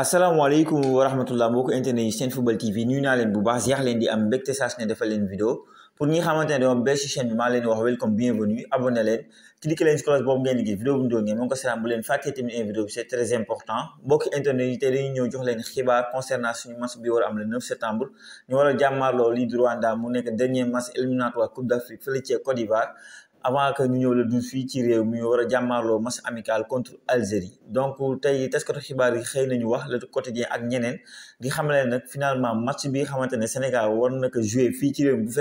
asalaamaaleykum wa rahmatullah mbokk internet yi seen football tv nuyu naa leen bu baax jeex leen di am mbégte saa su ne defal leen vidéo pour ñi nga xamante ne dama bees ci chaîne bi maa leen wax welcome bienvenue abonné leen cliqué leen ci cloche boobu ngeen ni gis vidéo bu ñu doon moom ko seetaan bu leen fàttee tamit une vidéo bi c'est très important mbokk internet yi tey dañuy ñëw jox leen xibaar concernant suñu match bi war am le 9 septembre ñu war a jàmmaarloo avant que ñu ñëw la du fii ci réew mi war a match amical contre Algérie donc tey taskatu xibaar yi xëy nañu wax le quotidien ak ñeneen di xamale finalement match bi xamante ne Sénégal war na jouer fii ci réew mi bu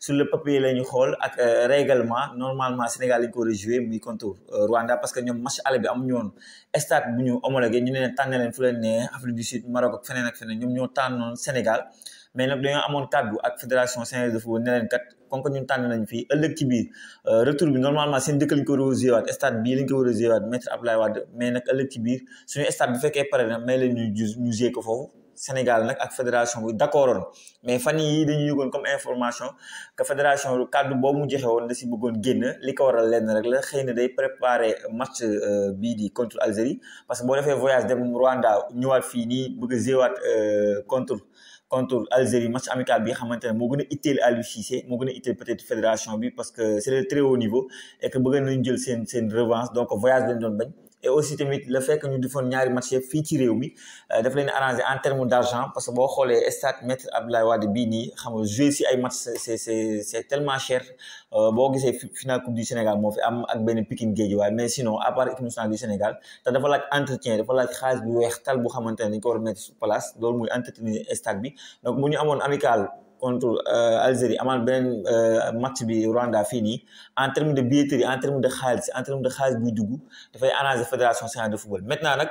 sur le papier les ñu xool ak euh, règlement normalement Sénégal il ko war a jouer contre euh, Rwanda parce que ñoom match aller bi amuñu woon stade bu ñu homologué ñu ne tànn leen fu leen ne Afrique du Sud Maroc ak feneen ak feneen ñoom ñoo Sénégal mais nag dañoo amoon à ak fédération sénégalaise de football ne leen comme que ñun tan nañ fi ëlëk ci biir euh, retour bi normalement seen dëkk lañ ko war a rosé waat stade bii lañ ko war a waat maître Ablaye Wade mais nag ëllëg ci biir suñu stade bi fekkee pare na may leen ñu ñu jé ko foofu Sénégal nag ak fédération bi d'accordoon mais fan yii dañuy yëgoon comme information que fédération kàddu boobu mu joxe woon da si bëggoon génn li ko waral lenn rek la xëy na day préparer match euh, bii di contre Algérie parce que boo defee voyage dem Rwanda ñëwaat fii nii bëgg a zéewaat euh, contre contre Algérie match amical bi nga xamante ne moo gën a itteel Aliou Cissé peut-être fédération bi parce que c'est le très haut niveau et que bëgg nañu jël seen seen revanche donc voyage lañ doon bañ et aussi tamit le fait que ñu defoon ñaari match yëpp fii ci réew mi euh, daf leen arrangé en terme d'argent parce que boo xoolee stade maître Abdoulaye Wade bii nii xam nga jouer si ay match c'est est c' tellement cher euh, boo gisee finale coupe du Sénégal moo fi am ak benn Pikine Guédiawaye mais sinon à part équipe nationale du Sénégal te dafa laaj entretien dafa laaj xaalis bu weex tal bu xamante ne dañ ko war a mettre sur place loolu muy entretenir stade donc bu ñu amoon amical contre Algérie amaat beneen match bi Rwanda fii nii en terme de billetterie en terme de xaalis en terme de xaalis buy dugg dafay arranger fédération sénégalaise de football maintenant nag.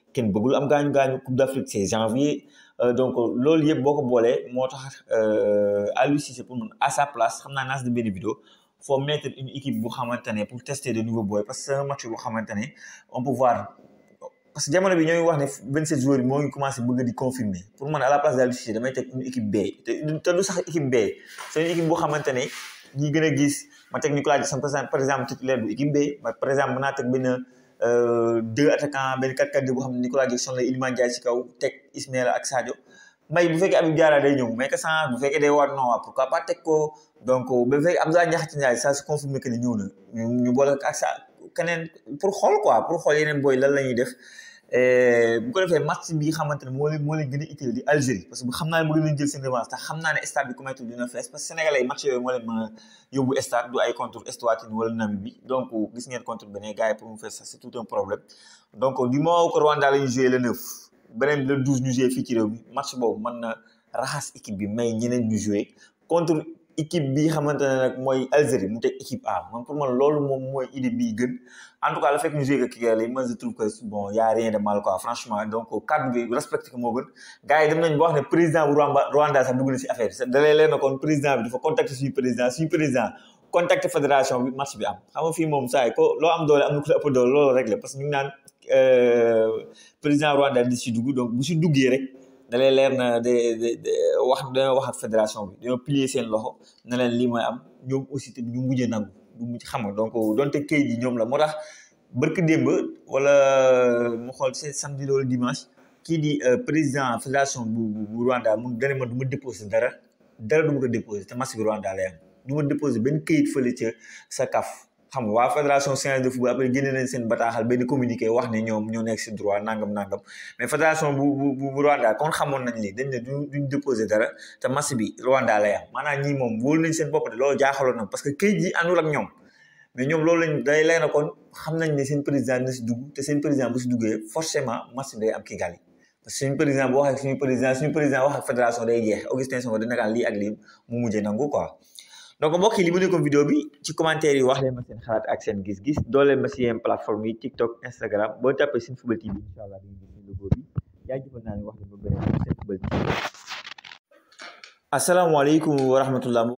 ken bëggul am gañu gañu Coupe d'Afrique c'est janvier euh, donc loolu yëpp boo ko boolee moo tax euh, c'est pour man à sa place xam naa naa si benn vidéo faut mettre une équipe bu xamante ne pour tester de nouveaux boys parce que c'est un match boo xamante ne on peut voir parce que jamono bi ñooy wax ne 27 joueurs yi moo ngi commencé bëgg di confirmer pour man à la place d'Aliou Cissé damay teg une équipe B te du sax équipe B c'est une équipe boo xamante ne ñi gën a gis ma teg Nicolas Jackson par exemple titulaire bu équipe B par exemple mën naa teg benn. Euh, deux attaquants benn 4-4-2 boo xam ne Nicolas Jackson la Iliman Ndiaye si kaw teg Ismaïla ak Sadio may bu fekkee Habib Diarra day ñëw mais que sans bu fekkee day war non waaw ah, pourquoi pas teg ko donc euh, bu fekkee Abdoulaye Niakhate Ndiaye ça se confirme que ni ñëw na ñu ñu boole ak sa keneen pour xool quoi pour xool yeneen booy lan la ñuy def. Euh, bu ko defee match bi xamante moo leen moo leen gën a utile di Algérie parce que bu xam naa ne bëgg nañ jël seen revanche tax xam naa ne stade bi commettre dina fees parce que sénégalais match yooyu moo gis ngeen contre beneen gars pour mu fees sax c'est un problème donc du moment que Rwanda la ñu joué le 9 beneen le 12 ñu joué fii ci réew match boobu mën na raxas équipe bi may ñeneen ñu joué contre. équipe bi xamante ne nag mooy Algérie mu teg équipe A man pour man loolu moom mooy idée bi gën en tout cas la fekk ñu joué Kigali man a rien de mal quoi franchement donc cadre bi respecté ko moo gën gars yi dem nañ ba wax ne président bu Rwanda sax dugg na si affaire bi dalee leen na kon président bi dafa contacté suñu président suñu président contacté fédération bi match bi am xam nga moom saa yi ko loo am doole am na ko doole loolu réglé parce que ñu ngi euh, président Rwanda di si dugg donc bu si duggee da leer na eh. de wax dañoo wax ak fédération bi dañoo plier seen loxo ne leen lii mooy am ñoom aussi tamit ñu mujj a nangu ñu mujj xam nga donc donte kayit yi ñoom la moo tax barke démb wala euh, mu xool seen samedi loolu dimanche kii di euh, président fédération bu bu Rwanda mu dana ma du ma déposé dara dara duma ko déposé te match bi Rwanda lay am du ma déposé benn kayit fële ca sa CAF. xam nga waa fédération sénégalaise de football après génne nañ seen bataaxal benn communiqué wax ne ñoom ñoo nekk si droit nangam nangam mais fédération bu bu bu kon xamoon nañ lii dañ ne duñ duñ déposé dara te match bi Rwanda lay moom wóolu nañ seen bopp de loolu jaaxaloon parce que këyit ji àndul ak ñoom mais ñoom loolu day lay na kon xam nañ ne seen président dina si dugg te seen président bu si duggee forcément match bi day am Kigali parce que président bu fédération day jeex Augustin donc mbokk yi li mu nekkoon vidéo bi ci commentaire yi wax leen ma seen xalaat ak seen gis-gis dooleel ma si yeen plateforme yi TikTok Instagram boo tapé seen football TV bi incha allah di ngeen gis logo bi jaajëfal naa ne wax leen ba beneen seen football TV. asalaamaaleykum wa rahmatullah.